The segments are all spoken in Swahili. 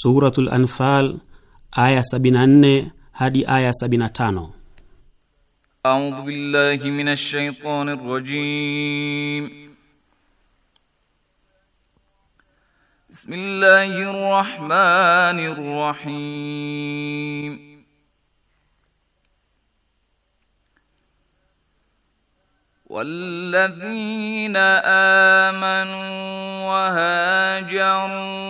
Suratul Anfal aya 74 hadi aya 75. A'udhu billahi minash shaitani rrajim. Bismillahir rahmanir rahim. والذين آمنوا وهاجروا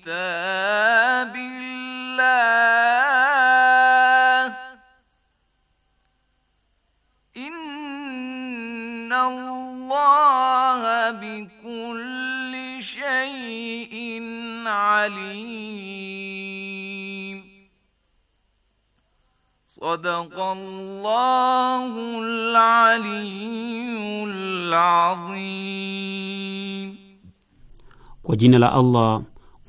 كتاب الله إن الله بكل شيء عليم صدق الله العلي العظيم kwa jina la Allah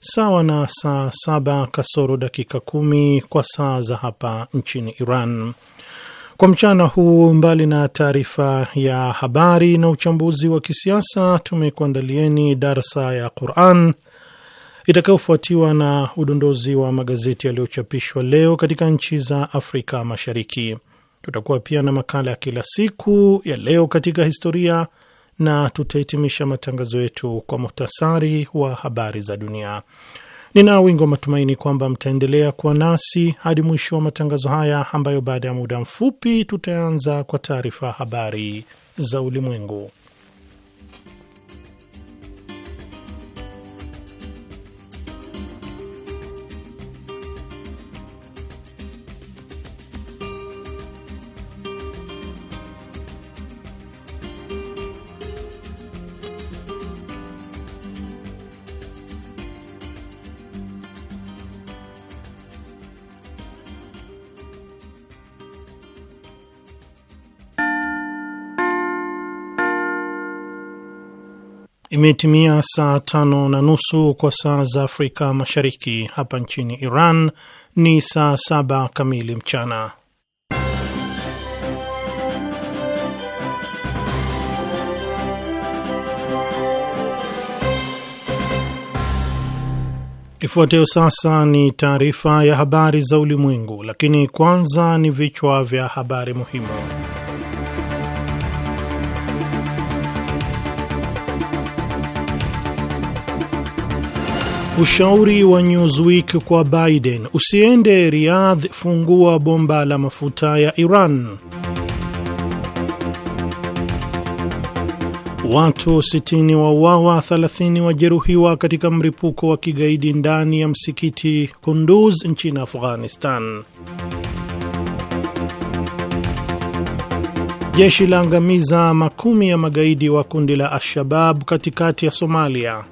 sawa na saa saba kasoro dakika kumi kwa saa za hapa nchini Iran. Kwa mchana huu, mbali na taarifa ya habari na uchambuzi wa kisiasa, tumekuandalieni darsa ya Quran itakayofuatiwa na udondozi wa magazeti yaliyochapishwa leo katika nchi za Afrika Mashariki. Tutakuwa pia na makala ya kila siku ya leo katika historia na tutahitimisha matangazo yetu kwa muhtasari wa habari za dunia. Nina wingi wa matumaini kwamba mtaendelea kuwa nasi hadi mwisho wa matangazo haya, ambayo baada ya muda mfupi tutaanza kwa taarifa habari za ulimwengu. Imetimia saa tano na nusu kwa saa za Afrika Mashariki. Hapa nchini Iran ni saa saba kamili mchana. Ifuatayo sasa ni taarifa ya habari za ulimwengu, lakini kwanza ni vichwa vya habari muhimu. Ushauri wa Newsweek kwa Biden: usiende Riyadh, fungua bomba la mafuta ya Iran. Watu 60 wauawa, 30 wajeruhiwa katika mlipuko wa kigaidi ndani ya msikiti Kunduz nchini Afghanistan. Jeshi la angamiza makumi ya magaidi wa kundi la Al-Shabab katikati ya Somalia.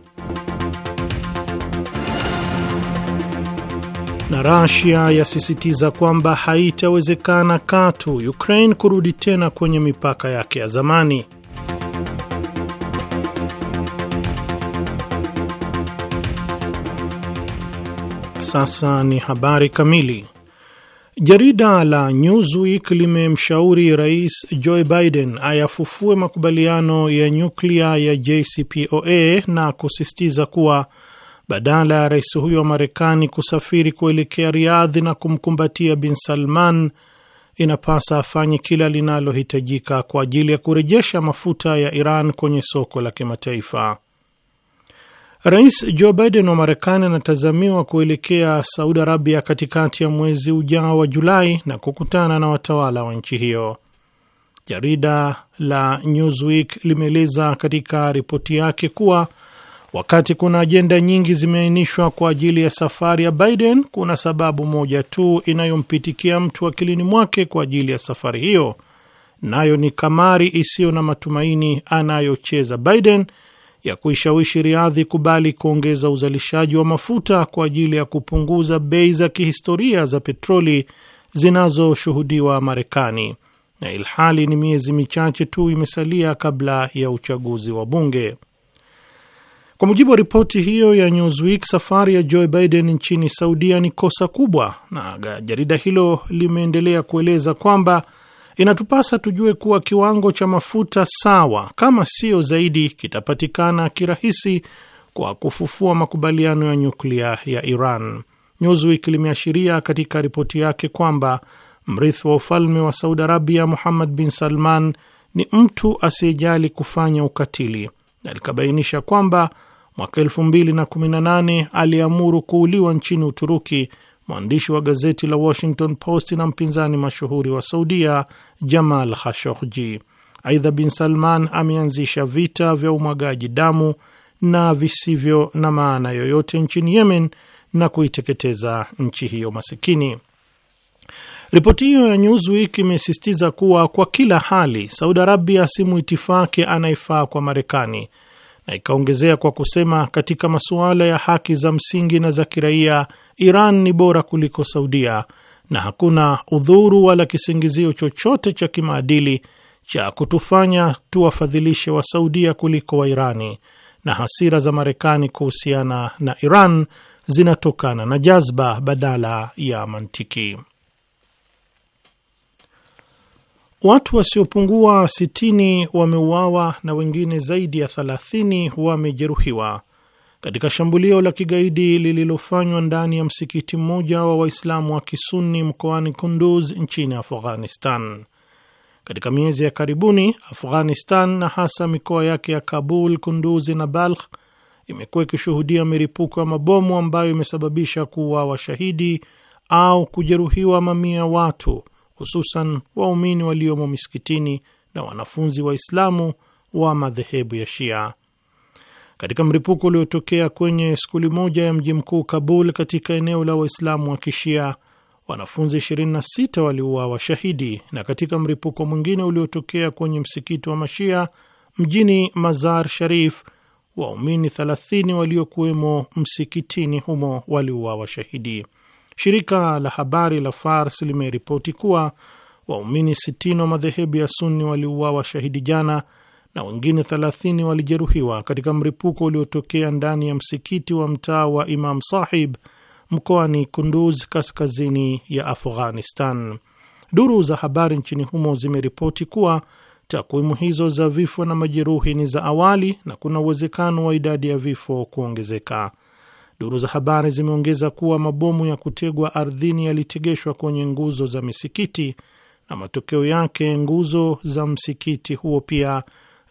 na Rasia yasisitiza kwamba haitawezekana katu Ukraine kurudi tena kwenye mipaka yake ya zamani. Sasa ni habari kamili. Jarida la Newsweek limemshauri Rais Joe Biden ayafufue makubaliano ya nyuklia ya JCPOA na kusisitiza kuwa badala ya rais huyo wa Marekani kusafiri kuelekea Riadhi na kumkumbatia Bin Salman, inapasa afanye kila linalohitajika kwa ajili ya kurejesha mafuta ya Iran kwenye soko la kimataifa. Rais Joe Biden wa Marekani anatazamiwa kuelekea Saudi Arabia katikati ya mwezi ujao wa Julai na kukutana na watawala wa nchi hiyo. Jarida la Newsweek limeeleza katika ripoti yake kuwa Wakati kuna ajenda nyingi zimeainishwa kwa ajili ya safari ya Biden, kuna sababu moja tu inayompitikia mtu akilini mwake kwa ajili ya safari hiyo, nayo ni kamari isiyo na matumaini anayocheza Biden ya kuishawishi Riadhi kubali kuongeza uzalishaji wa mafuta kwa ajili ya kupunguza bei za kihistoria za petroli zinazoshuhudiwa Marekani, na ilhali ni miezi michache tu imesalia kabla ya uchaguzi wa bunge. Kwa mujibu wa ripoti hiyo ya Newsweek, safari ya Joe Biden nchini Saudia ni kosa kubwa, na jarida hilo limeendelea kueleza kwamba inatupasa tujue kuwa kiwango cha mafuta sawa, kama sio zaidi, kitapatikana kirahisi kwa kufufua makubaliano ya nyuklia ya Iran. Newsweek limeashiria katika ripoti yake kwamba mrithi wa ufalme wa Saudi Arabia Muhammad bin Salman ni mtu asiyejali kufanya ukatili na likabainisha kwamba mwaka nane aliamuru kuuliwa nchini Uturuki mwandishi wa gazeti la Washington Post na mpinzani mashuhuri wa Saudia Jamal Khashoggi. Aidha, Bin Salman ameanzisha vita vya umwagaji damu na visivyo na maana yoyote nchini Yemen na kuiteketeza nchi hiyo masikini. Ripoti hiyo ya Newsweek imesisitiza kuwa kwa kila hali Saudi Arabia si mwitifaki anayefaa kwa Marekani na ikaongezea kwa kusema, katika masuala ya haki za msingi na za kiraia Iran ni bora kuliko Saudia na hakuna udhuru wala kisingizio chochote cha kimaadili cha kutufanya tuwafadhilishe wa saudia kuliko Wairani, na hasira za Marekani kuhusiana na Iran zinatokana na jazba badala ya mantiki. Watu wasiopungua 60 wameuawa na wengine zaidi ya 30 wamejeruhiwa katika shambulio la kigaidi lililofanywa ndani ya msikiti mmoja wa Waislamu wa Kisunni mkoani Kunduz nchini Afghanistan. Katika miezi ya karibuni, Afghanistan na hasa mikoa yake ya Kabul, Kunduzi na Balkh imekuwa ikishuhudia milipuko ya mabomu ambayo imesababisha kuuawa shahidi au kujeruhiwa mamia watu hususan waumini waliomo misikitini na wanafunzi Waislamu wa, wa madhehebu ya Shia. Katika mripuko uliotokea kwenye skuli moja ya mji mkuu Kabul katika eneo la Waislamu wa Kishia, wanafunzi 26 waliuawa shahidi, na katika mripuko mwingine uliotokea kwenye msikiti wa Mashia mjini Mazar Sharif, waumini 30 waliokuwemo msikitini humo waliuawa shahidi. Shirika la habari la Fars limeripoti kuwa waumini 60 wa madhehebu ya Sunni waliuawa shahidi jana na wengine 30 walijeruhiwa katika mripuko uliotokea ndani ya msikiti wa mtaa wa Imam Sahib mkoani Kunduz, kaskazini ya Afghanistan. Duru za habari nchini humo zimeripoti kuwa takwimu hizo za vifo na majeruhi ni za awali na kuna uwezekano wa idadi ya vifo kuongezeka. Duru za habari zimeongeza kuwa mabomu ya kutegwa ardhini yalitegeshwa kwenye nguzo za misikiti na matokeo yake nguzo za msikiti huo pia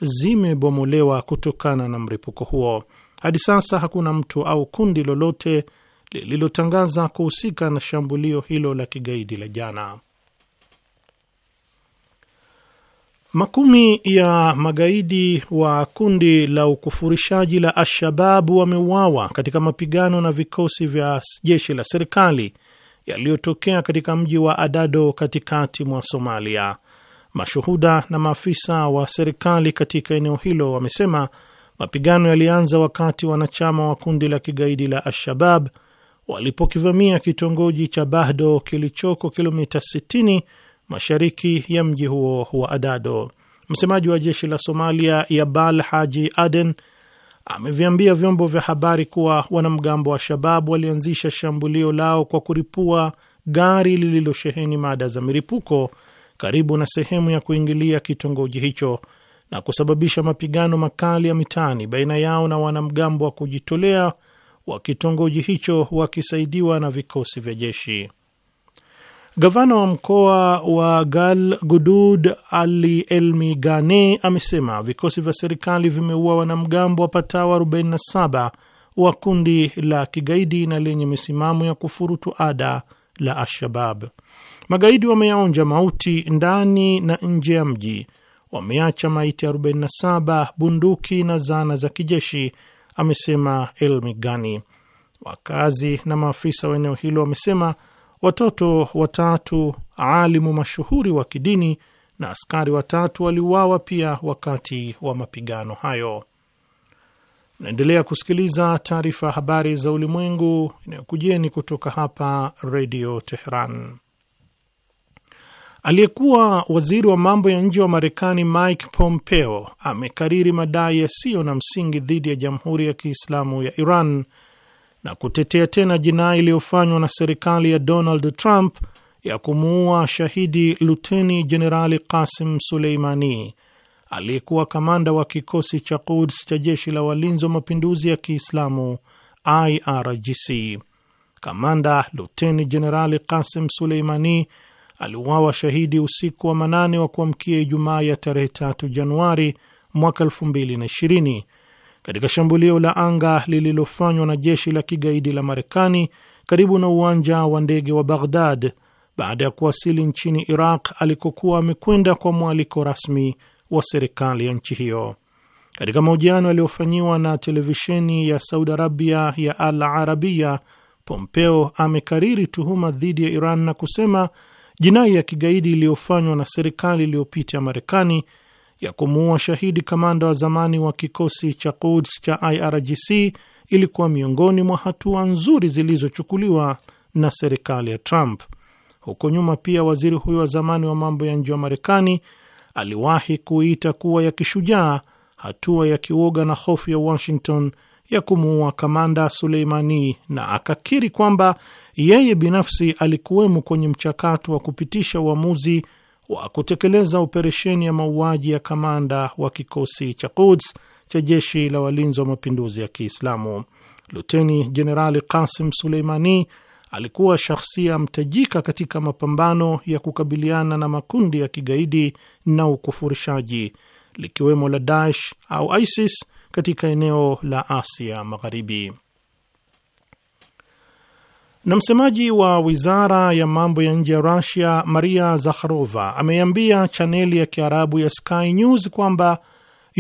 zimebomolewa kutokana na mlipuko huo. Hadi sasa hakuna mtu au kundi lolote lililotangaza kuhusika na shambulio hilo la kigaidi la jana. Makumi ya magaidi wa kundi la ukufurishaji la Alshababu wameuawa katika mapigano na vikosi vya jeshi la serikali yaliyotokea katika mji wa Adado katikati mwa Somalia. Mashuhuda na maafisa wa serikali katika eneo hilo wamesema mapigano yalianza wakati wanachama wa kundi la kigaidi la Alshabab walipokivamia kitongoji cha Bahdo kilichoko kilomita 60 mashariki ya mji huo wa Adado. Msemaji wa jeshi la Somalia Yabal Haji Aden ameviambia vyombo vya habari kuwa wanamgambo wa Shababu walianzisha shambulio lao kwa kuripua gari lililosheheni mada za milipuko karibu na sehemu ya kuingilia kitongoji hicho na kusababisha mapigano makali ya mitaani baina yao na wanamgambo wa kujitolea wa kitongoji hicho wakisaidiwa na vikosi vya jeshi. Gavana wa mkoa wa Galgudud Ali Elmi Gane amesema vikosi vya serikali vimeua wanamgambo wapatao 47 wa kundi la kigaidi na lenye misimamo ya kufurutu ada la Alshabab. Magaidi wameyaonja mauti ndani na nje ya mji, wameacha maiti 47, bunduki na zana za kijeshi, amesema Elmi Gani. Wakazi na maafisa wa eneo hilo wamesema watoto watatu alimu mashuhuri wa kidini na askari watatu waliuawa pia wakati wa mapigano hayo. Naendelea kusikiliza taarifa ya habari za ulimwengu inayokujeni kutoka hapa Redio Teheran. Aliyekuwa waziri wa mambo ya nje wa Marekani Mike Pompeo amekariri madai yasiyo na msingi dhidi ya Jamhuri ya Kiislamu ya Iran na kutetea tena jinai iliyofanywa na serikali ya Donald Trump ya kumuua shahidi Luteni Jenerali Qasim Suleimani aliyekuwa kamanda wa kikosi cha Quds cha jeshi la walinzi wa mapinduzi ya Kiislamu IRGC. Kamanda Luteni Jenerali Qasim Suleimani aliuawa shahidi usiku wa manane wa kuamkia Ijumaa ya tarehe 3 Januari mwaka 2020 katika shambulio la anga lililofanywa na jeshi la kigaidi la Marekani karibu na uwanja wa ndege wa Baghdad baada ya kuwasili nchini Iraq alikokuwa amekwenda kwa mwaliko rasmi wa serikali ya nchi hiyo. Katika mahojiano yaliyofanyiwa na televisheni ya Saudi Arabia ya Al Arabiya, Pompeo amekariri tuhuma dhidi ya Iran na kusema jinai ya kigaidi iliyofanywa na serikali iliyopita Marekani ya kumuua shahidi kamanda wa zamani wa kikosi cha Quds cha IRGC ilikuwa miongoni mwa hatua nzuri zilizochukuliwa na serikali ya Trump. Huko nyuma pia waziri huyo wa zamani wa mambo ya nje wa Marekani aliwahi kuita kuwa ya kishujaa hatua ya kiwoga na hofu ya Washington ya kumuua kamanda Suleimani, na akakiri kwamba yeye binafsi alikuwemo kwenye mchakato wa kupitisha uamuzi wa kutekeleza operesheni ya mauaji ya kamanda wa kikosi cha Quds cha jeshi la walinzi wa mapinduzi ya Kiislamu. Luteni Jenerali kasim Suleimani alikuwa shahsia mtajika katika mapambano ya kukabiliana na makundi ya kigaidi na ukufurishaji likiwemo la Daesh au ISIS katika eneo la Asia Magharibi. Na msemaji wa wizara ya mambo ya nje ya Rusia, Maria Zakharova, ameiambia chaneli ya Kiarabu ya Sky News kwamba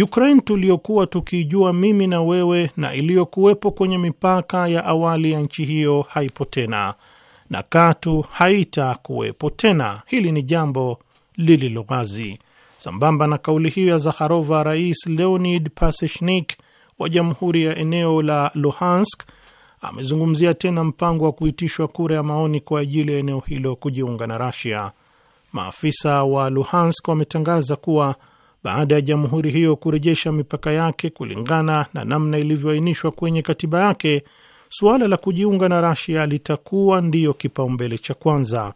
Ukraine tuliyokuwa tukiijua mimi na wewe na iliyokuwepo kwenye mipaka ya awali ya nchi hiyo haipo tena na katu haitakuwepo tena. Hili ni jambo lililo wazi. Sambamba na kauli hiyo ya Zakharova, Rais Leonid Paseshnik wa jamhuri ya eneo la Luhansk amezungumzia tena mpango wa kuitishwa kura ya maoni kwa ajili ya eneo hilo kujiunga na Rasia. Maafisa wa Luhansk wametangaza kuwa baada ya jamhuri hiyo kurejesha mipaka yake kulingana na namna ilivyoainishwa kwenye katiba yake, suala la kujiunga na Rasia litakuwa ndiyo kipaumbele cha kwanza.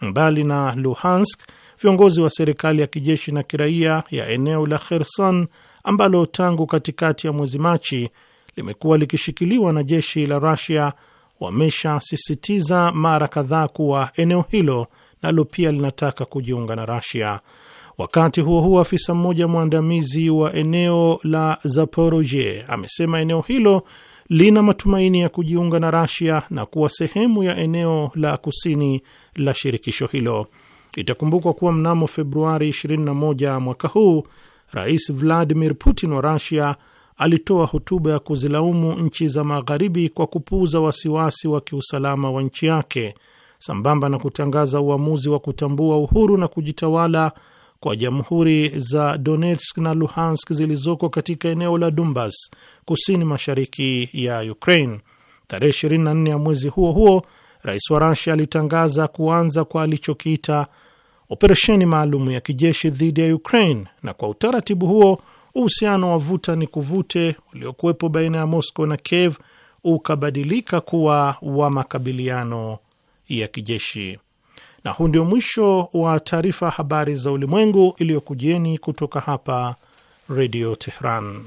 Mbali na Luhansk, viongozi wa serikali ya kijeshi na kiraia ya eneo la Kherson ambalo tangu katikati ya mwezi Machi limekuwa likishikiliwa na jeshi la Rusia wameshasisitiza mara kadhaa kuwa eneo hilo nalo pia linataka kujiunga na Rusia. Wakati huo huo, afisa mmoja mwandamizi wa eneo la Zaporoje amesema eneo hilo lina matumaini ya kujiunga na Rasia na kuwa sehemu ya eneo la kusini la shirikisho hilo. Itakumbukwa kuwa mnamo Februari 21 mwaka huu, Rais Vladimir Putin wa Rasia alitoa hotuba ya kuzilaumu nchi za Magharibi kwa kupuuza wasiwasi wa kiusalama wa nchi yake sambamba na kutangaza uamuzi wa kutambua uhuru na kujitawala kwa jamhuri za Donetsk na Luhansk zilizoko katika eneo la Donbas kusini mashariki ya Ukraine. Tarehe 24 ya mwezi huo huo, rais wa Rasia alitangaza kuanza kwa alichokiita operesheni maalum ya kijeshi dhidi ya Ukraine, na kwa utaratibu huo uhusiano wa vuta ni kuvute uliokuwepo baina ya Moscow na Kiev ukabadilika kuwa wa makabiliano ya kijeshi. Na huu ndio mwisho wa taarifa habari za ulimwengu iliyokujieni kutoka hapa Redio Tehran.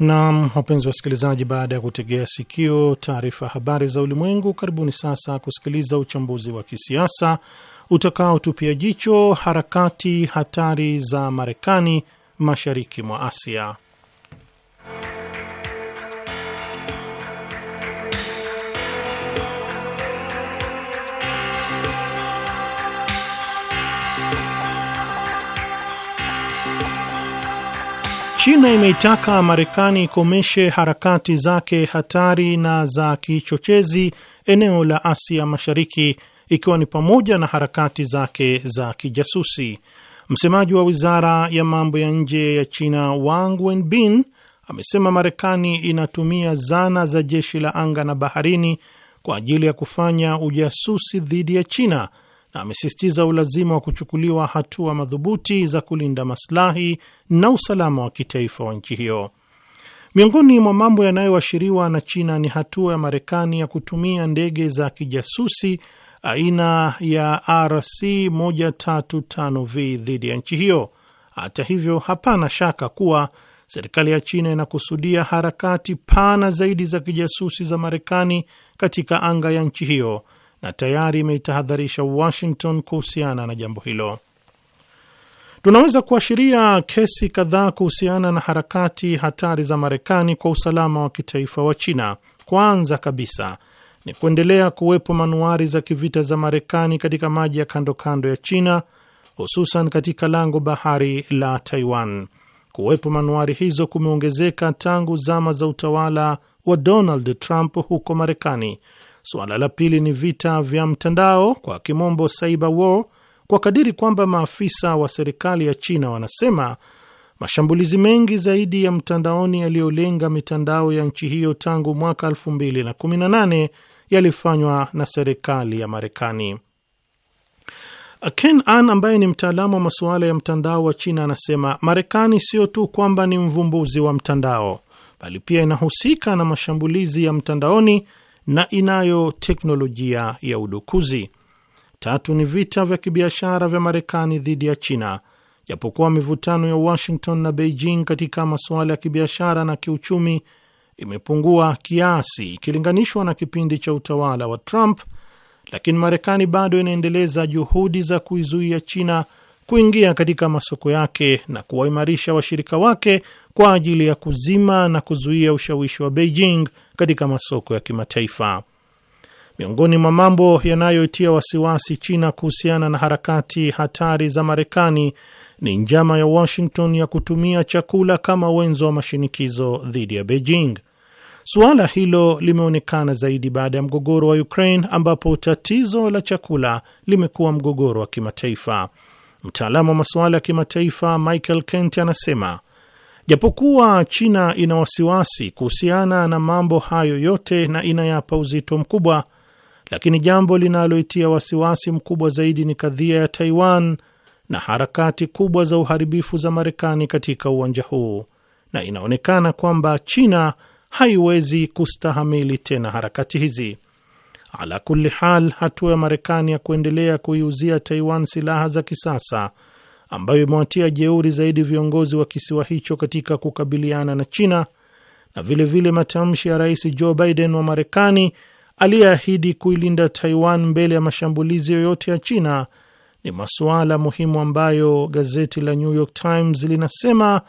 Naam, wapenzi wasikilizaji, baada ya kutegea sikio taarifa habari za ulimwengu, karibuni sasa kusikiliza uchambuzi wa kisiasa utakaotupia jicho harakati hatari za Marekani mashariki mwa Asia. China imeitaka Marekani ikomeshe harakati zake hatari na za kichochezi eneo la Asia Mashariki, ikiwa ni pamoja na harakati zake za kijasusi. Msemaji wa wizara ya mambo ya nje ya China Wang Wenbin amesema Marekani inatumia zana za jeshi la anga na baharini kwa ajili ya kufanya ujasusi dhidi ya China na amesisitiza ulazima wa kuchukuliwa hatua madhubuti za kulinda maslahi na usalama wa kitaifa wa nchi hiyo. Miongoni mwa mambo yanayoashiriwa na China ni hatua ya Marekani ya kutumia ndege za kijasusi aina ya RC 135V dhidi ya nchi hiyo. Hata hivyo, hapana shaka kuwa serikali ya China inakusudia harakati pana zaidi za kijasusi za Marekani katika anga ya nchi hiyo na tayari imeitahadharisha Washington kuhusiana na jambo hilo. Tunaweza kuashiria kesi kadhaa kuhusiana na harakati hatari za Marekani kwa usalama wa kitaifa wa China. Kwanza kabisa ni kuendelea kuwepo manuari za kivita za Marekani katika maji ya kando kando ya China, hususan katika lango bahari la Taiwan. Kuwepo manuari hizo kumeongezeka tangu zama za utawala wa Donald Trump huko Marekani Suala la pili ni vita vya mtandao, kwa kimombo cyber war, kwa kadiri kwamba maafisa wa serikali ya China wanasema mashambulizi mengi zaidi ya mtandaoni yaliyolenga mitandao ya nchi hiyo tangu mwaka 2018 yalifanywa na serikali ya Marekani. Ken An ambaye ni mtaalamu wa masuala ya mtandao wa China anasema Marekani sio tu kwamba ni mvumbuzi wa mtandao, bali pia inahusika na mashambulizi ya mtandaoni na inayo teknolojia ya udukuzi. Tatu ni vita vya kibiashara vya Marekani dhidi ya China. Japokuwa mivutano ya Washington na Beijing katika masuala ya kibiashara na kiuchumi imepungua kiasi ikilinganishwa na kipindi cha utawala wa Trump, lakini Marekani bado inaendeleza juhudi za kuizuia China kuingia katika masoko yake na kuwaimarisha washirika wake kwa ajili ya kuzima na kuzuia ushawishi wa Beijing katika masoko ya kimataifa. Miongoni mwa mambo yanayoitia wasiwasi China kuhusiana na harakati hatari za Marekani ni njama ya Washington ya kutumia chakula kama wenzo wa mashinikizo dhidi ya Beijing. Suala hilo limeonekana zaidi baada ya mgogoro wa Ukraine ambapo tatizo la chakula limekuwa mgogoro wa kimataifa. Mtaalamu wa masuala ya kimataifa Michael Kent anasema japokuwa China ina wasiwasi kuhusiana na mambo hayo yote na inayapa uzito mkubwa, lakini jambo linaloitia wasiwasi mkubwa zaidi ni kadhia ya Taiwan na harakati kubwa za uharibifu za Marekani katika uwanja huu, na inaonekana kwamba China haiwezi kustahamili tena harakati hizi. Ala kuli hal, hatua ya Marekani ya kuendelea kuiuzia Taiwan silaha za kisasa ambayo imewatia jeuri zaidi viongozi wa kisiwa hicho katika kukabiliana na China na vilevile vile matamshi ya Rais Joe Biden wa Marekani aliyeahidi kuilinda Taiwan mbele ya mashambulizi yoyote ya China ni masuala muhimu ambayo gazeti la New York Times linasema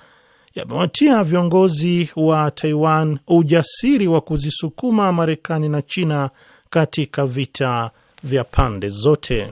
yamewatia viongozi wa Taiwan ujasiri wa kuzisukuma Marekani na China katika vita vya pande zote.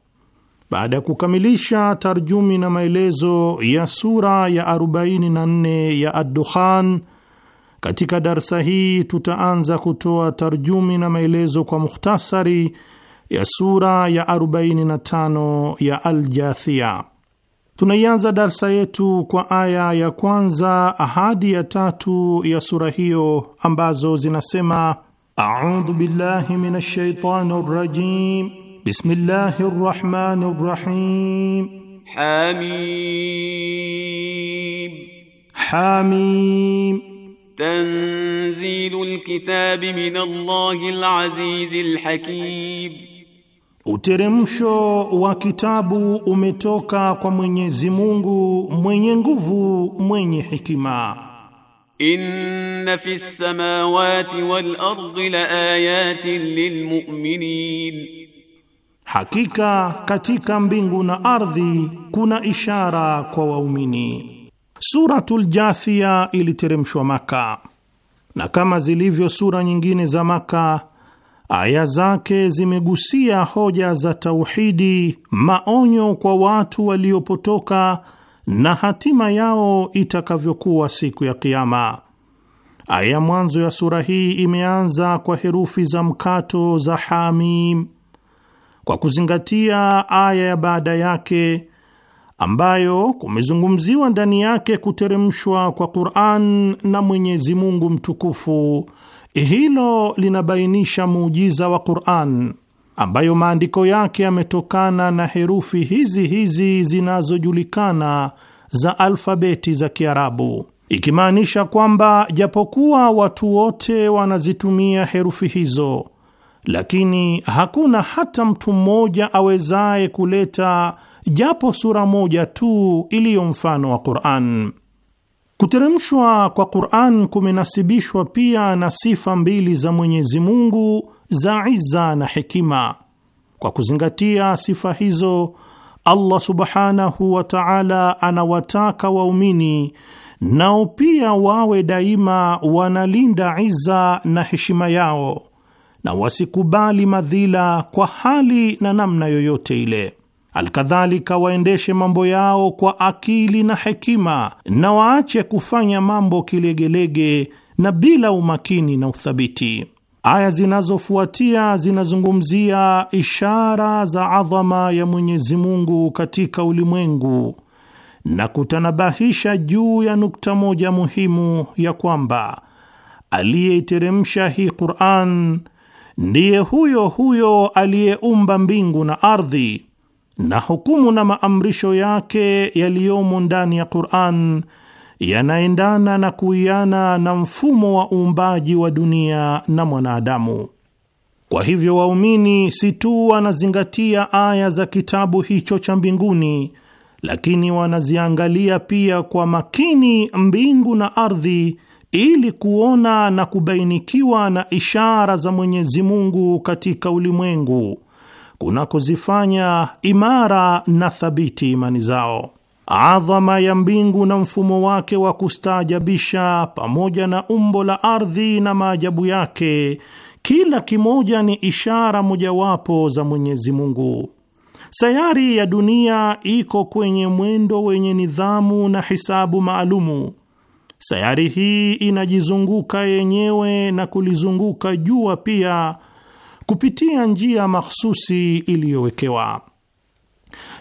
baada ya kukamilisha tarjumi na maelezo ya sura ya 44 ya Ad-Dukhan, katika darsa hii tutaanza kutoa tarjumi na maelezo kwa mukhtasari ya sura ya 45 ya Al-Jathia. Tunaianza darsa yetu kwa aya ya kwanza hadi ya tatu ya sura hiyo ambazo zinasema: a'udhu billahi minash shaitani rajim Bismillahi rrahmani rrahim. Hamim. Hamim. Tanzilul kitabi minallahil azizil hakim. Uteremsho wa kitabu umetoka kwa Mwenyezi Mungu mwenye nguvu mwenye hikima. Inna fis samawati wal ardi laayatin lilmu'minin Hakika katika mbingu na ardhi kuna ishara kwa waumini. Suratul Jathia iliteremshwa Maka, na kama zilivyo sura nyingine za Maka, aya zake zimegusia hoja za tauhidi, maonyo kwa watu waliopotoka na hatima yao itakavyokuwa siku ya Kiama. Aya mwanzo ya sura hii imeanza kwa herufi za mkato za Hamim kwa kuzingatia aya ya baada yake ambayo kumezungumziwa ndani yake kuteremshwa kwa Qur'an na Mwenyezi Mungu mtukufu, eh, hilo linabainisha muujiza wa Qur'an ambayo maandiko yake yametokana na herufi hizi hizi zinazojulikana za alfabeti za Kiarabu, ikimaanisha kwamba japokuwa watu wote wanazitumia herufi hizo lakini hakuna hata mtu mmoja awezaye kuleta japo sura moja tu iliyo mfano wa Qur'an. Kuteremshwa kwa Qur'an kumenasibishwa pia na sifa mbili za Mwenyezi Mungu za iza na hekima. Kwa kuzingatia sifa hizo, Allah Subhanahu wa Ta'ala anawataka waumini nao pia wawe daima wanalinda iza na heshima yao na wasikubali madhila kwa hali na namna yoyote ile. Alkadhalika, waendeshe mambo yao kwa akili na hekima, na waache kufanya mambo kilegelege na bila umakini na uthabiti. Aya zinazofuatia zinazungumzia ishara za adhama ya Mwenyezi Mungu katika ulimwengu na kutanabahisha juu ya nukta moja muhimu ya kwamba aliyeiteremsha hii Qur'an ndiye huyo huyo aliyeumba mbingu na ardhi, na hukumu na maamrisho yake yaliyomo ndani ya Qur'an yanaendana na kuiana na mfumo wa uumbaji wa dunia na mwanadamu. Kwa hivyo, waumini si tu wanazingatia aya za kitabu hicho cha mbinguni, lakini wanaziangalia pia kwa makini mbingu na ardhi ili kuona na kubainikiwa na ishara za Mwenyezi Mungu katika ulimwengu kunakozifanya imara na thabiti imani zao. Adhama ya mbingu na mfumo wake wa kustaajabisha, pamoja na umbo la ardhi na maajabu yake, kila kimoja ni ishara mojawapo za Mwenyezi Mungu. Sayari ya dunia iko kwenye mwendo wenye nidhamu na hisabu maalumu Sayari hii inajizunguka yenyewe na kulizunguka jua pia kupitia njia mahsusi iliyowekewa,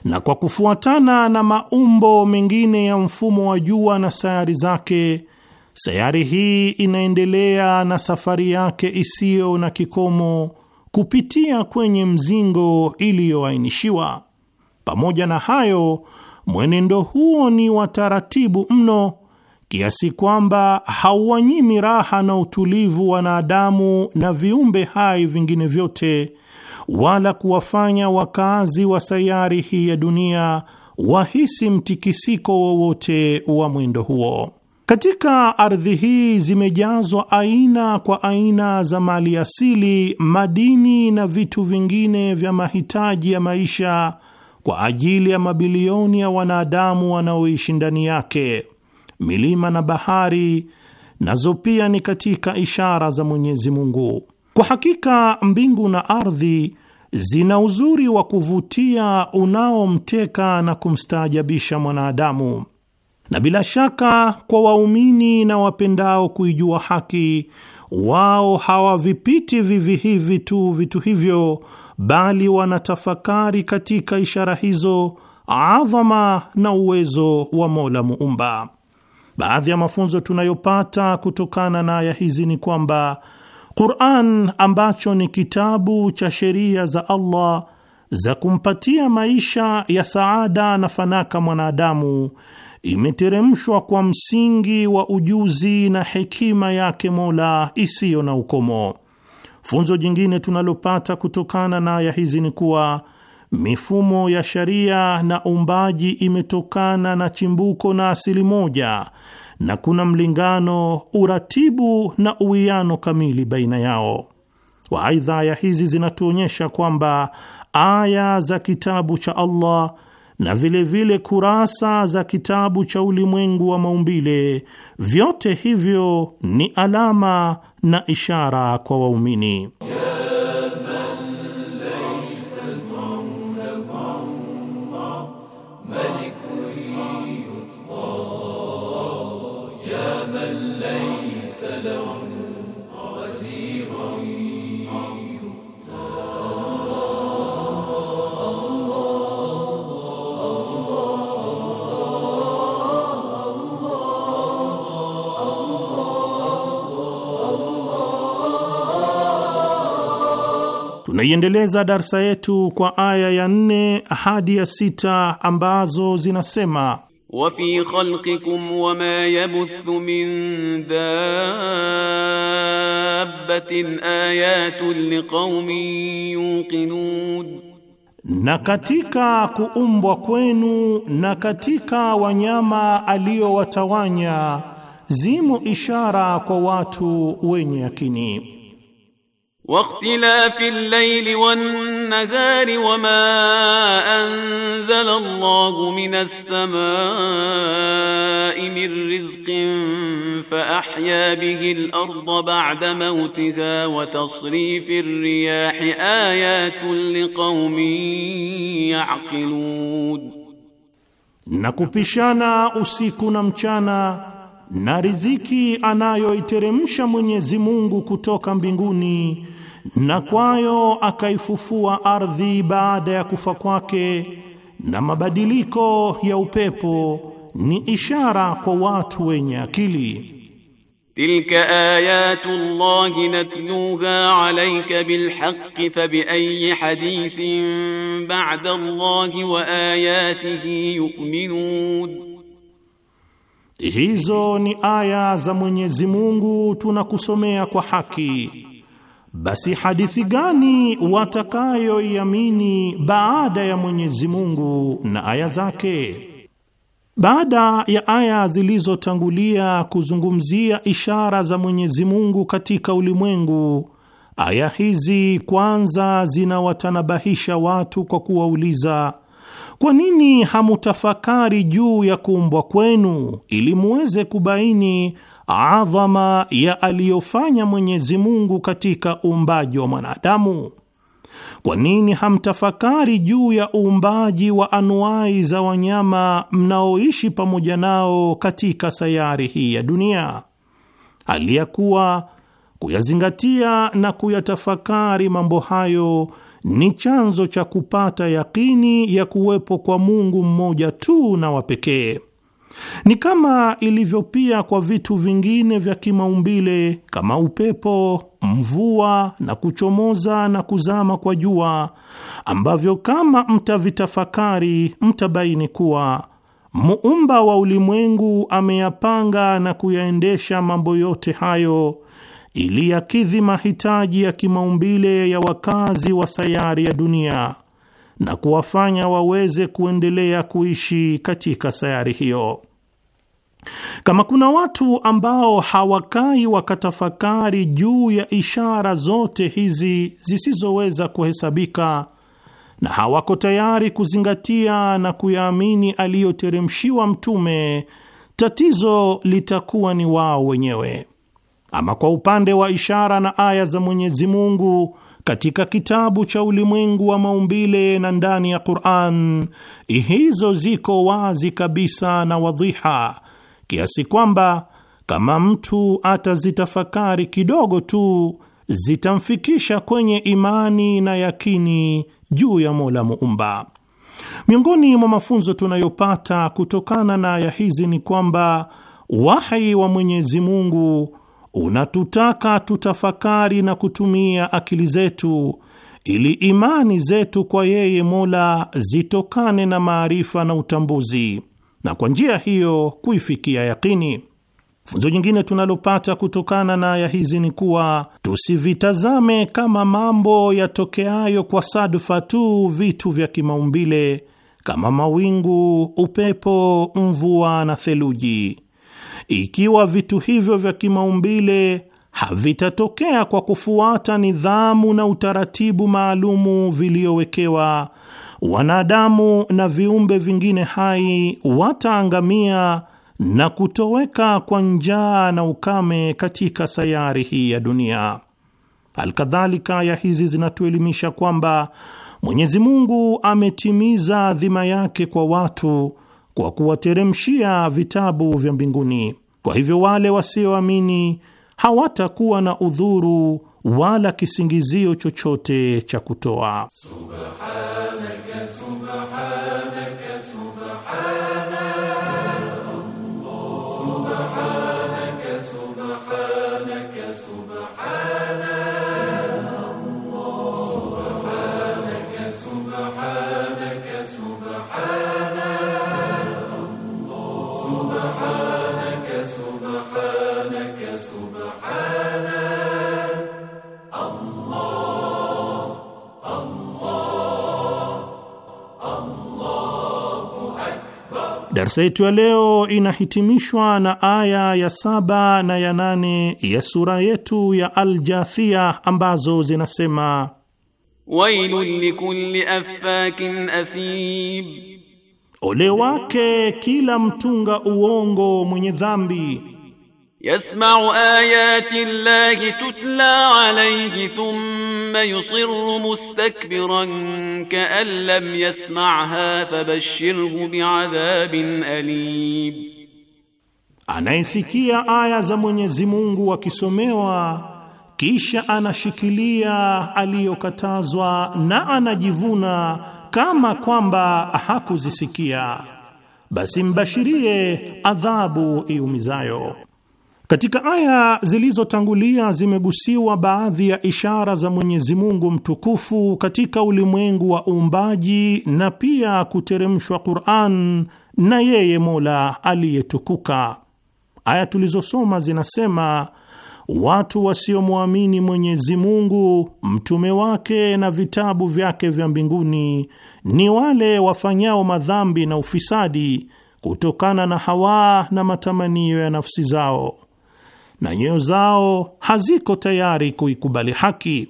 na kwa kufuatana na maumbo mengine ya mfumo wa jua na sayari zake, sayari hii inaendelea na safari yake isiyo na kikomo kupitia kwenye mzingo iliyoainishiwa. Pamoja na hayo, mwenendo huo ni wa taratibu mno kiasi kwamba hauwanyimi raha na utulivu wanadamu na viumbe hai vingine vyote, wala kuwafanya wakazi wa sayari hii ya dunia wahisi mtikisiko wowote wa mwendo huo. Katika ardhi hii zimejazwa aina kwa aina za mali asili, madini na vitu vingine vya mahitaji ya maisha kwa ajili ya mabilioni ya wanadamu wanaoishi ndani yake milima na bahari nazo pia ni katika ishara za Mwenyezi Mungu. Kwa hakika mbingu na ardhi zina uzuri wa kuvutia unaomteka na kumstaajabisha mwanadamu, na bila shaka kwa waumini na wapendao kuijua haki, wao hawavipiti vivi hivi tu vitu hivyo, bali wanatafakari katika ishara hizo, adhama na uwezo wa Mola Muumba. Baadhi ya mafunzo tunayopata kutokana na aya hizi ni kwamba Qur'an ambacho ni kitabu cha sheria za Allah za kumpatia maisha ya saada na fanaka mwanadamu imeteremshwa kwa msingi wa ujuzi na hekima yake Mola isiyo na ukomo. Funzo jingine tunalopata kutokana na aya hizi ni kuwa mifumo ya sharia na umbaji imetokana na chimbuko na asili moja, na kuna mlingano, uratibu na uwiano kamili baina yao. Waaidha, aya hizi zinatuonyesha kwamba aya za kitabu cha Allah na vilevile vile kurasa za kitabu cha ulimwengu wa maumbile, vyote hivyo ni alama na ishara kwa waumini. Tunaiendeleza darsa yetu kwa aya ya nne hadi ya sita ambazo zinasema wa fi khalqikum wa ma yabuthu min dabbatin ayatun liqaumin yuqinun, na katika kuumbwa kwenu na katika wanyama aliyowatawanya zimo ishara kwa watu wenye yakini. واختلاف الليل والنهار وما أنزل الله من السماء من رزق فأحيا به الأرض بعد موتها وتصريف الرياح آيات لقوم يعقلون na kupishana usiku na mchana na riziki anayoiteremsha Mwenyezi Mungu kutoka mbinguni na kwayo akaifufua ardhi baada ya kufa kwake, na mabadiliko ya upepo ni ishara kwa watu wenye akili. Tilka ayatu Allahi natluha alayka bilhaqqi fa bi ayyi hadithin ba'da Allahi wa ayatihi yu'minun, hizo ni aya za Mwenyezi Mungu tunakusomea kwa haki basi hadithi gani watakayoiamini baada ya Mwenyezi Mungu na aya zake? Baada ya aya zilizotangulia kuzungumzia ishara za Mwenyezi Mungu katika ulimwengu, aya hizi kwanza zinawatanabahisha watu kwa kuwauliza kwa nini hamutafakari juu ya kuumbwa kwenu ili muweze kubaini adhama ya aliyofanya Mwenyezi Mungu katika uumbaji wa mwanadamu? Kwa nini hamtafakari juu ya uumbaji wa anuai za wanyama mnaoishi pamoja nao katika sayari hii ya dunia? Hali ya kuwa kuyazingatia na kuyatafakari mambo hayo ni chanzo cha kupata yakini ya kuwepo kwa Mungu mmoja tu na wa pekee. Ni kama ilivyo pia kwa vitu vingine vya kimaumbile kama upepo, mvua na kuchomoza na kuzama kwa jua, ambavyo kama mtavitafakari mtabaini kuwa muumba wa ulimwengu ameyapanga na kuyaendesha mambo yote hayo ili yakidhi mahitaji ya kimaumbile ya wakazi wa sayari ya dunia na kuwafanya waweze kuendelea kuishi katika sayari hiyo. Kama kuna watu ambao hawakai wakatafakari juu ya ishara zote hizi zisizoweza kuhesabika na hawako tayari kuzingatia na kuyaamini aliyoteremshiwa Mtume, tatizo litakuwa ni wao wenyewe. Ama kwa upande wa ishara na aya za Mwenyezi Mungu katika kitabu cha ulimwengu wa maumbile na ndani ya Qur'an, hizo ziko wazi kabisa na wadhiha kiasi kwamba kama mtu atazitafakari kidogo tu zitamfikisha kwenye imani na yakini juu ya Mola Muumba. Miongoni mwa mafunzo tunayopata kutokana na aya hizi ni kwamba wahi wa Mwenyezi Mungu unatutaka tutafakari na kutumia akili zetu ili imani zetu kwa yeye Mola zitokane na maarifa na utambuzi, na kwa njia hiyo kuifikia yakini. Funzo nyingine tunalopata kutokana na aya hizi ni kuwa tusivitazame kama mambo yatokeayo kwa sadfa tu vitu vya kimaumbile kama mawingu, upepo, mvua na theluji ikiwa vitu hivyo vya kimaumbile havitatokea kwa kufuata nidhamu na utaratibu maalumu viliyowekewa wanadamu na viumbe vingine hai wataangamia na kutoweka kwa njaa na ukame katika sayari hii ya dunia. Alkadhalika, aya hizi zinatuelimisha kwamba Mwenyezi Mungu ametimiza dhima yake kwa watu kwa kuwateremshia vitabu vya mbinguni. Kwa hivyo wale wasioamini hawatakuwa na udhuru wala kisingizio chochote cha kutoa Subhanaka Darsa yetu ya leo inahitimishwa na aya ya saba na ya nane ya sura yetu ya Aljathia ambazo zinasema: wailun likulli affakin athib, ole wake kila mtunga uongo mwenye dhambi. Yasma'u ayati Allahi tutla alayhi thumma yusirru mustakbiran ka'an lam yasma'ha fabashshirhu bi'adhabin alim, anayesikia aya za Mwenyezi Mungu akisomewa kisha anashikilia aliyokatazwa na anajivuna kama kwamba hakuzisikia, basi mbashirie adhabu iumizayo. Katika aya zilizotangulia zimegusiwa baadhi ya ishara za Mwenyezi Mungu mtukufu katika ulimwengu wa uumbaji na pia kuteremshwa Qur'an na yeye Mola aliyetukuka. Aya tulizosoma zinasema watu wasiomwamini Mwenyezi Mungu, mtume wake na vitabu vyake vya mbinguni ni wale wafanyao madhambi na ufisadi kutokana na hawa na matamanio ya nafsi zao na nyoyo zao haziko tayari kuikubali haki.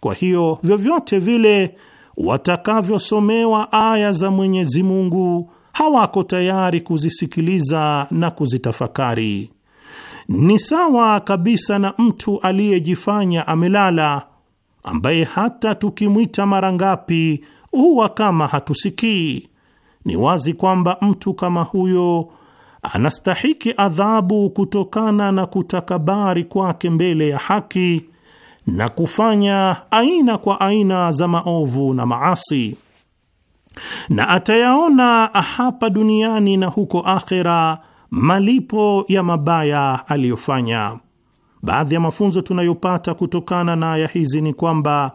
Kwa hiyo vyovyote vile watakavyosomewa aya za Mwenyezi Mungu hawako tayari kuzisikiliza na kuzitafakari. Ni sawa kabisa na mtu aliyejifanya amelala, ambaye hata tukimwita mara ngapi huwa kama hatusikii. Ni wazi kwamba mtu kama huyo anastahiki adhabu kutokana na kutakabari kwake mbele ya haki na kufanya aina kwa aina za maovu na maasi, na atayaona hapa duniani na huko akhera malipo ya mabaya aliyofanya. Baadhi ya mafunzo tunayopata kutokana na aya hizi ni kwamba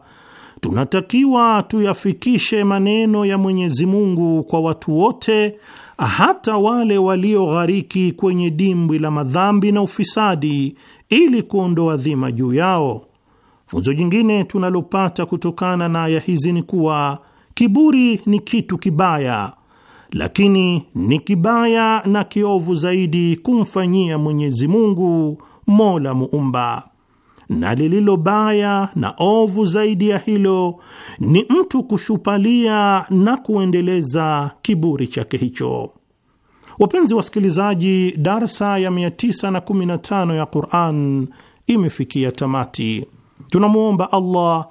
tunatakiwa tuyafikishe maneno ya Mwenyezi Mungu kwa watu wote, hata wale walioghariki kwenye dimbwi la madhambi na ufisadi, ili kuondoa dhima juu yao. Funzo jingine tunalopata kutokana na aya hizi ni kuwa kiburi ni kitu kibaya, lakini ni kibaya na kiovu zaidi kumfanyia Mwenyezi Mungu Mola Muumba na lililo baya na ovu zaidi ya hilo ni mtu kushupalia na kuendeleza kiburi chake hicho. Wapenzi wasikilizaji, darsa ya 915 ya Quran imefikia tamati. Tunamwomba Allah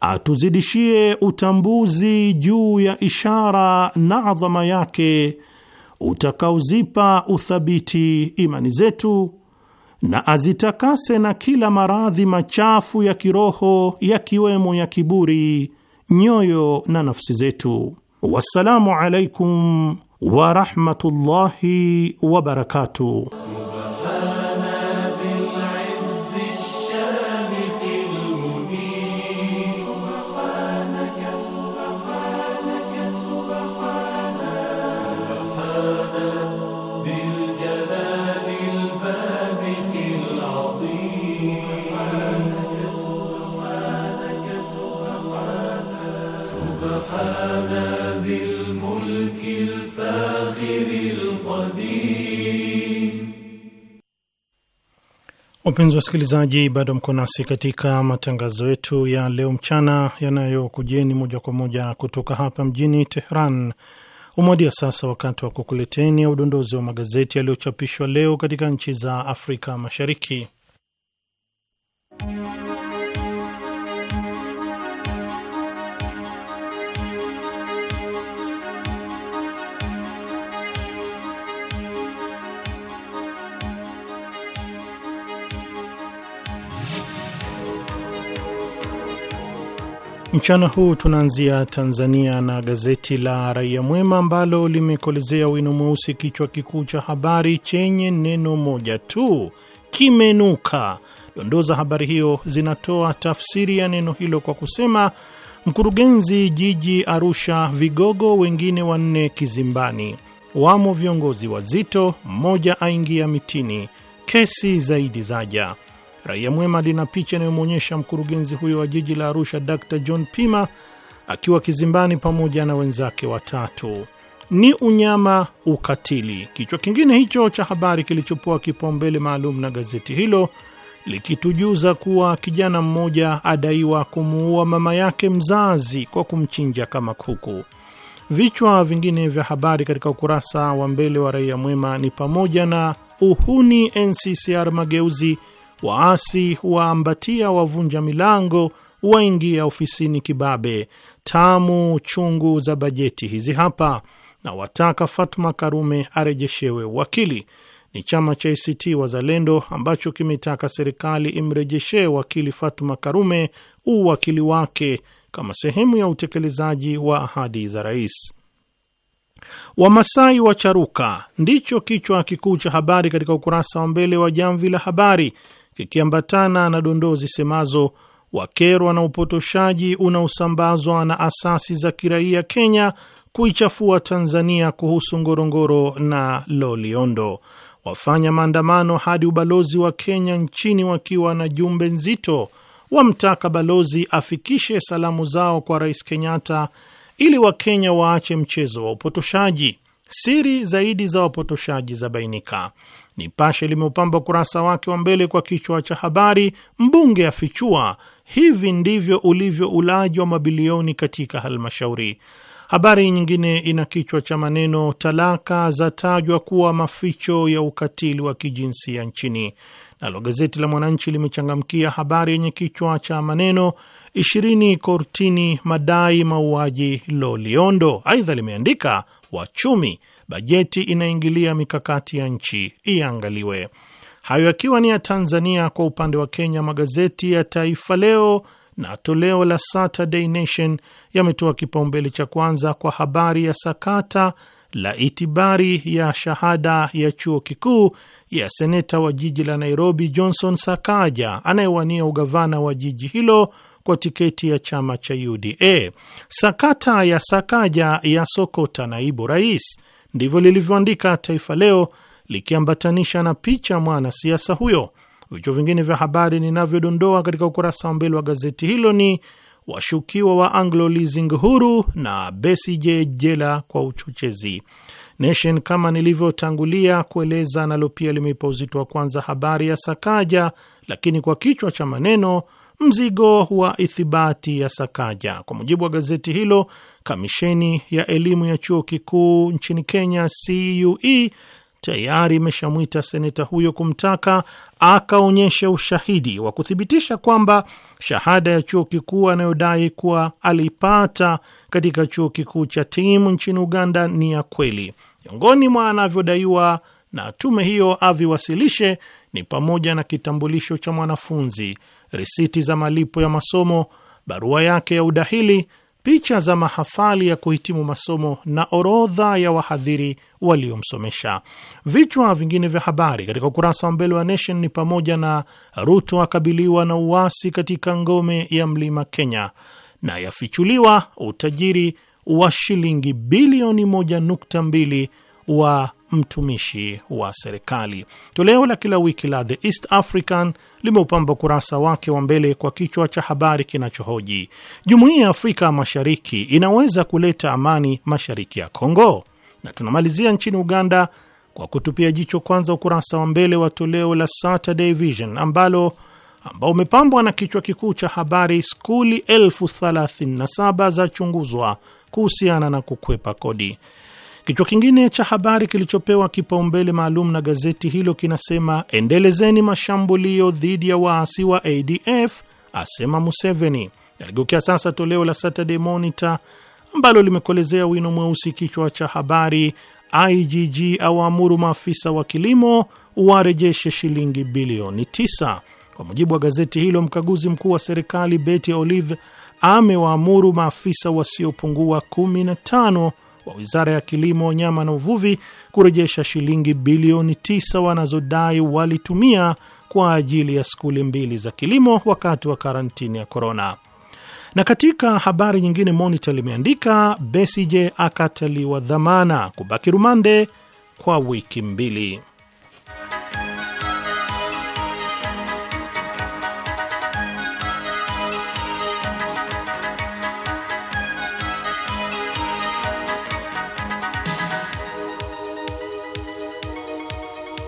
atuzidishie utambuzi juu ya ishara na adhama yake utakaozipa uthabiti imani zetu na azitakase na kila maradhi machafu ya kiroho yakiwemo ya kiburi, nyoyo na nafsi zetu. Wassalamu alaikum warahmatullahi wabarakatuh. Wapenzi wasikilizaji, bado mko nasi katika matangazo yetu ya leo mchana yanayokujeni moja kwa moja kutoka hapa mjini Tehran. Umewadia sasa wakati wa kukuleteni ya udondozi wa magazeti yaliyochapishwa leo katika nchi za Afrika Mashariki. Mchana huu tunaanzia Tanzania na gazeti la Raia Mwema ambalo limekolezea wino mweusi kichwa kikuu cha habari chenye neno moja tu, kimenuka. Dondoo za habari hiyo zinatoa tafsiri ya neno hilo kwa kusema mkurugenzi jiji Arusha, vigogo wengine wanne kizimbani, wamo viongozi wazito, mmoja aingia mitini, kesi zaidi zaja Raia Mwema lina picha inayomwonyesha mkurugenzi huyo wa jiji la Arusha Dr John Pima akiwa kizimbani pamoja na wenzake watatu. Ni unyama, ukatili, kichwa kingine hicho cha habari kilichopoa kipaumbele maalum na gazeti hilo likitujuza kuwa kijana mmoja adaiwa kumuua mama yake mzazi kwa kumchinja kama kuku. Vichwa vingine vya habari katika ukurasa wa mbele wa Raia Mwema ni pamoja na uhuni NCCR Mageuzi waasi waambatia, wavunja milango waingia ofisini kibabe. Tamu chungu za bajeti hizi hapa, na wataka Fatma Karume arejeshewe wakili. Ni chama cha ACT Wazalendo ambacho kimetaka serikali imrejeshee wakili Fatma Karume uwakili wake kama sehemu ya utekelezaji wa ahadi za rais. Wamasai wacharuka ndicho kichwa kikuu cha habari katika ukurasa wa mbele wa Jamvi la Habari kikiambatana na dondoo zisemazo wakerwa na upotoshaji unaosambazwa na asasi za kiraia Kenya kuichafua Tanzania kuhusu Ngorongoro na Loliondo, wafanya maandamano hadi ubalozi wa Kenya nchini wakiwa na jumbe nzito, wamtaka balozi afikishe salamu zao kwa Rais Kenyatta ili Wakenya waache mchezo wa upotoshaji. Siri zaidi za wapotoshaji za bainika. Nipashe limeupamba ukurasa wake wa mbele kwa kichwa cha habari, mbunge afichua hivi ndivyo ulivyo ulaji wa mabilioni katika halmashauri. Habari nyingine ina kichwa cha maneno talaka zatajwa kuwa maficho ya ukatili wa kijinsia nchini. Nalo gazeti la Mwananchi limechangamkia habari yenye kichwa cha maneno ishirini kortini madai mauaji Loliondo. Aidha limeandika wachumi bajeti inaingilia mikakati ya nchi iangaliwe. Hayo yakiwa ni ya Tanzania. Kwa upande wa Kenya, magazeti ya Taifa Leo na toleo la Saturday Nation yametoa kipaumbele cha kwanza kwa habari ya sakata la itibari ya shahada ya chuo kikuu ya seneta wa jiji la Nairobi Johnson Sakaja anayewania ugavana wa jiji hilo kwa tiketi ya chama cha UDA. Sakata ya Sakaja ya sokota naibu rais Ndivyo lilivyoandika Taifa Leo likiambatanisha na picha mwanasiasa huyo. Vichwa vingine vya habari ninavyodondoa katika ukurasa wa mbele wa gazeti hilo ni washukiwa wa Anglo Leasing huru na Besigye jela kwa uchochezi. Nation kama nilivyotangulia kueleza, nalo pia limeipa uzito wa kwanza habari ya Sakaja, lakini kwa kichwa cha maneno mzigo wa ithibati ya Sakaja. Kwa mujibu wa gazeti hilo, kamisheni ya elimu ya chuo kikuu nchini Kenya CUE tayari imeshamwita seneta huyo kumtaka akaonyeshe ushahidi wa kuthibitisha kwamba shahada ya chuo kikuu anayodai kuwa aliipata katika chuo kikuu cha Timu nchini Uganda ni ya kweli. Miongoni mwa anavyodaiwa na tume hiyo aviwasilishe ni pamoja na kitambulisho cha mwanafunzi, risiti za malipo ya masomo, barua yake ya udahili, picha za mahafali ya kuhitimu masomo na orodha ya wahadhiri waliomsomesha. Vichwa vingine vya habari katika ukurasa wa mbele wa Nation ni pamoja na Ruto akabiliwa na uasi katika ngome ya Mlima Kenya na yafichuliwa utajiri wa shilingi bilioni 1.2 wa mtumishi wa serikali. Toleo la kila wiki la The East African limeupamba ukurasa wake wa mbele kwa kichwa cha habari kinachohoji jumuiya ya Afrika Mashariki inaweza kuleta amani mashariki ya Kongo, na tunamalizia nchini Uganda kwa kutupia jicho kwanza ukurasa wa mbele wa toleo la Saturday Vision ambalo ambao umepambwa na kichwa kikuu cha habari skuli elfu 37 za chunguzwa kuhusiana na kukwepa kodi. Kichwa kingine cha habari kilichopewa kipaumbele maalum na gazeti hilo kinasema endelezeni mashambulio dhidi ya waasi wa ADF asema Museveni. aligokea sasa toleo la Saturday Monitor ambalo limekolezea wino mweusi kichwa cha habari IGG awaamuru maafisa wa kilimo warejeshe shilingi bilioni 9. Kwa mujibu wa gazeti hilo, mkaguzi mkuu wa serikali Betty Olive amewaamuru maafisa wasiopungua 15 wa wizara ya kilimo, nyama na uvuvi kurejesha shilingi bilioni tisa wanazodai walitumia kwa ajili ya skuli mbili za kilimo wakati wa karantini ya korona. Na katika habari nyingine, Monitor limeandika Besigye akataliwa dhamana kubaki rumande kwa wiki mbili.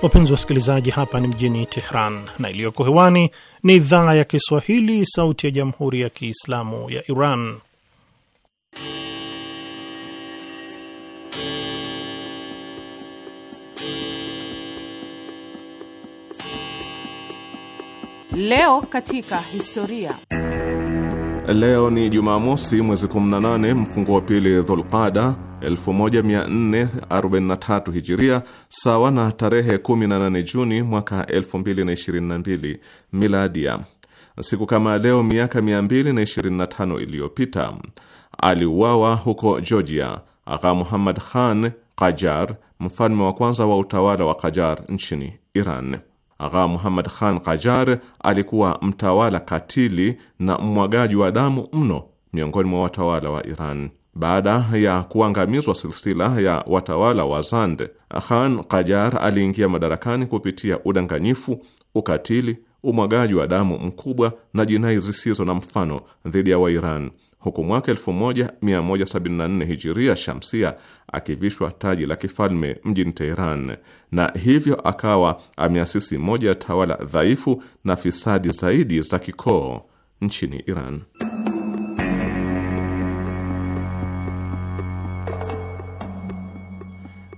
Wapenzi wasikilizaji, hapa ni mjini Tehran na iliyoko hewani ni idhaa ya Kiswahili, sauti ya jamhuri ya kiislamu ya Iran. Leo katika historia. Leo ni Jumamosi, mwezi 18 mfungo wa pili Dhulqada 1443 hijiria sawa na tarehe 18 Juni mwaka 2022 miladia. Siku kama leo miaka 225 iliyopita aliuawa huko Georgia Agha Muhammad Khan Qajar, mfalme wa kwanza wa utawala wa Qajar nchini Iran. Agha Muhammad Khan Qajar alikuwa mtawala katili na mmwagaji wa damu mno miongoni mwa watawala wa Iran. Baada ya kuangamizwa silsila ya watawala wa Zand, Khan Qajar aliingia madarakani kupitia udanganyifu, ukatili, umwagaji wa damu mkubwa na jinai zisizo na mfano dhidi ya Wairan, huku mwaka 1174 hijiria shamsia akivishwa taji la kifalme mjini Teheran, na hivyo akawa ameasisi moja ya tawala dhaifu na fisadi zaidi za kikoo nchini Iran.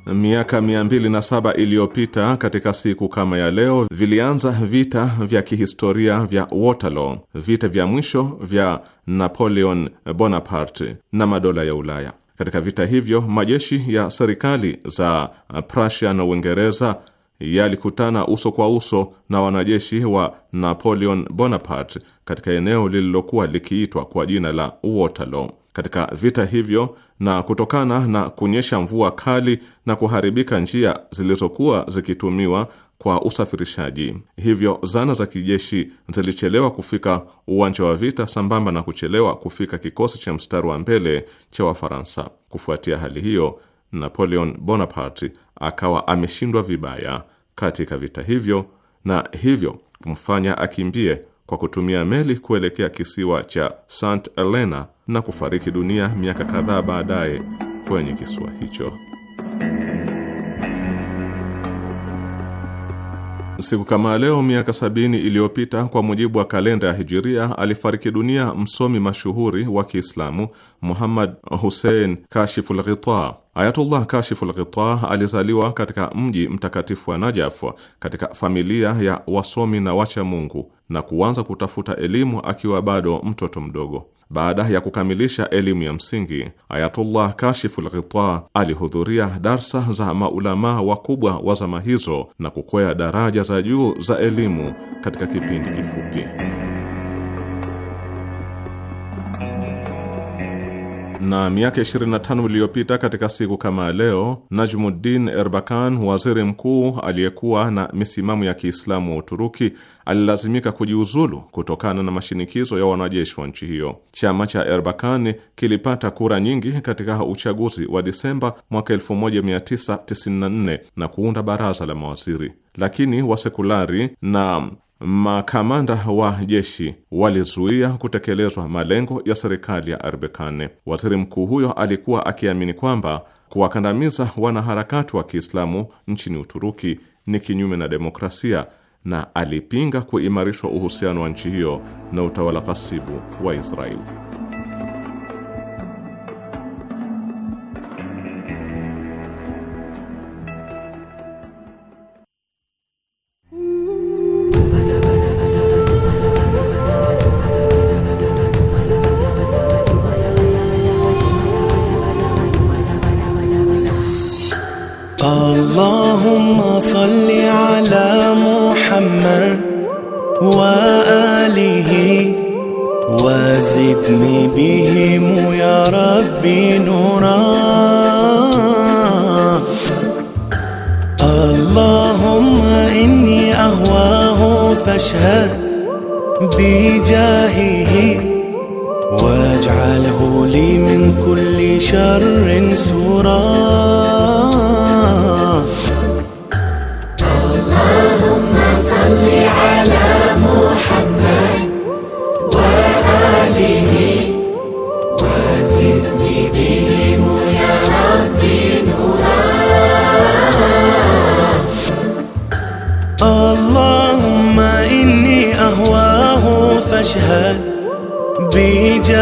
miaka 207 iliyopita katika siku kama ya leo vilianza vita vya kihistoria vya Waterloo, vita vya mwisho vya Napoleon Bonaparte na madola ya Ulaya. Katika vita hivyo majeshi ya serikali za Prussia na Uingereza yalikutana uso kwa uso na wanajeshi wa Napoleon Bonaparte katika eneo lililokuwa likiitwa kwa jina la Waterloo katika vita hivyo, na kutokana na kunyesha mvua kali na kuharibika njia zilizokuwa zikitumiwa kwa usafirishaji, hivyo zana za kijeshi zilichelewa kufika uwanja wa vita, sambamba na kuchelewa kufika kikosi cha mstari wa mbele cha Wafaransa. Kufuatia hali hiyo, Napoleon Bonaparte akawa ameshindwa vibaya katika vita hivyo, na hivyo kumfanya akimbie kwa kutumia meli kuelekea kisiwa cha St Helena na kufariki dunia miaka kadhaa baadaye kwenye kisiwa hicho. Siku kama leo miaka sabini iliyopita kwa mujibu wa kalenda ya Hijiria, alifariki dunia msomi mashuhuri wa Kiislamu Muhammad Hussein Kashiful Ghita. Ayatullah Kashiful Ghita alizaliwa katika mji mtakatifu wa Najaf katika familia ya wasomi na wacha Mungu na kuanza kutafuta elimu akiwa bado mtoto mdogo. Baada ya kukamilisha elimu ya msingi, Ayatullah kashifu lghita alihudhuria darsa za maulamaa wakubwa wa zama hizo na kukwea daraja za juu za elimu katika kipindi kifupi. na miaka 25 iliyopita katika siku kama leo, Najmuddin Erbakan, waziri mkuu aliyekuwa na misimamo ya Kiislamu wa Uturuki, alilazimika kujiuzulu kutokana na mashinikizo ya wanajeshi wa nchi hiyo. Chama cha Erbakan kilipata kura nyingi katika uchaguzi wa Disemba mwaka 1994 na kuunda baraza la mawaziri, lakini wasekulari na makamanda wa jeshi walizuia kutekelezwa malengo ya serikali ya arbekane Waziri mkuu huyo alikuwa akiamini kwamba kuwakandamiza wanaharakati wa Kiislamu nchini Uturuki ni kinyume na demokrasia na alipinga kuimarishwa uhusiano wa nchi hiyo na utawala ghasibu wa Israeli.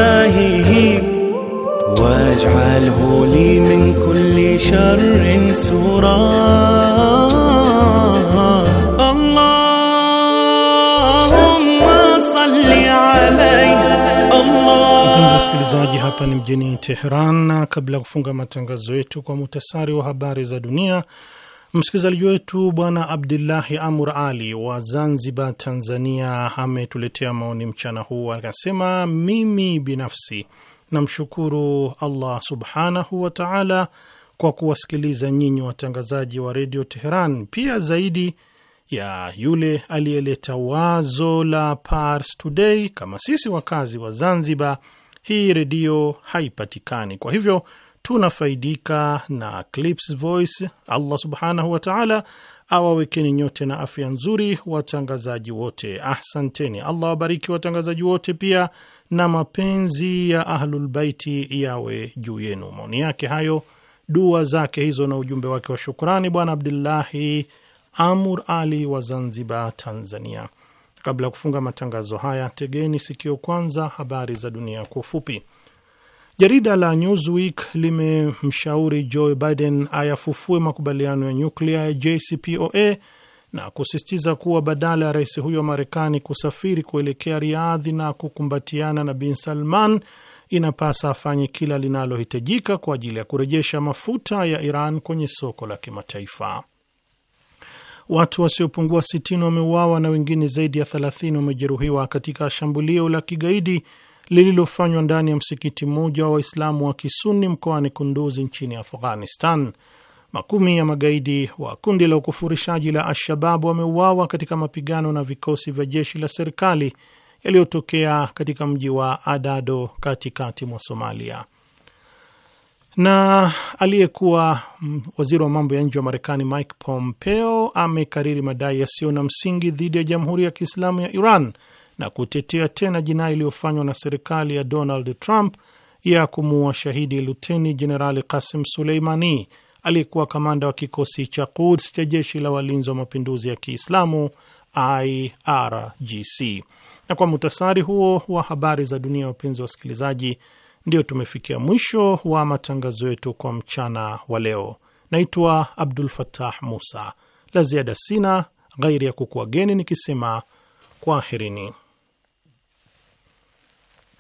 إلهه واجعله لي من كل شر سورا msikilizaji, hapa ni mjini Teheran, na kabla ya kufunga matangazo yetu kwa muhtasari wa habari za dunia Msikilizaji wetu Bwana Abdullahi Amur Ali wa Zanzibar, Tanzania, ametuletea maoni mchana huu, akasema mimi binafsi namshukuru Allah subhanahu wa taala kwa kuwasikiliza nyinyi watangazaji wa redio Teheran, pia zaidi ya yule aliyeleta wazo la Pars Today. Kama sisi wakazi wa Zanzibar, hii redio haipatikani, kwa hivyo tunafaidika na Clips Voice. Allah subhanahu wa taala awawekeni nyote na afya nzuri watangazaji wote, ahsanteni. Allah wabariki watangazaji wote pia na mapenzi ya Ahlulbaiti yawe juu yenu. Maoni yake hayo, dua zake hizo na ujumbe wake wa shukrani, Bwana Abdullahi Amur Ali wa Zanzibar, Tanzania. Kabla ya kufunga matangazo haya, tegeni sikio kwanza habari za dunia kwa ufupi. Jarida la Newsweek limemshauri Joe Biden ayafufue makubaliano ya nyuklia ya JCPOA na kusisitiza kuwa badala ya rais huyo wa Marekani kusafiri kuelekea Riadhi na kukumbatiana na Bin Salman, inapasa afanye kila linalohitajika kwa ajili ya kurejesha mafuta ya Iran kwenye soko la kimataifa. Watu wasiopungua 60 wameuawa na wengine zaidi ya 30 wamejeruhiwa katika shambulio la kigaidi lililofanywa ndani ya msikiti mmoja wa Waislamu wa Kisuni mkoani Kunduzi nchini Afghanistan. Makumi ya magaidi wa kundi la ukufurishaji la Alshababu wameuawa katika mapigano na vikosi vya jeshi la serikali yaliyotokea katika mji wa Adado katikati mwa Somalia. Na aliyekuwa waziri wa mambo ya nje wa Marekani Mike Pompeo amekariri madai yasiyo na msingi dhidi ya Jamhuri ya Kiislamu ya Iran na kutetea tena jinai iliyofanywa na serikali ya Donald Trump ya kumuua shahidi Luteni Jenerali Kasim Suleimani aliyekuwa kamanda wa kikosi cha Quds cha jeshi la walinzi wa mapinduzi ya Kiislamu IRGC. Na kwa muhtasari huo wa habari za dunia, ya wapenzi wa wasikilizaji, ndio tumefikia mwisho wa matangazo yetu kwa mchana wa leo. Naitwa Abdul fatah Musa. La ziada sina ghairi ya kukuageni nikisema kwaherini.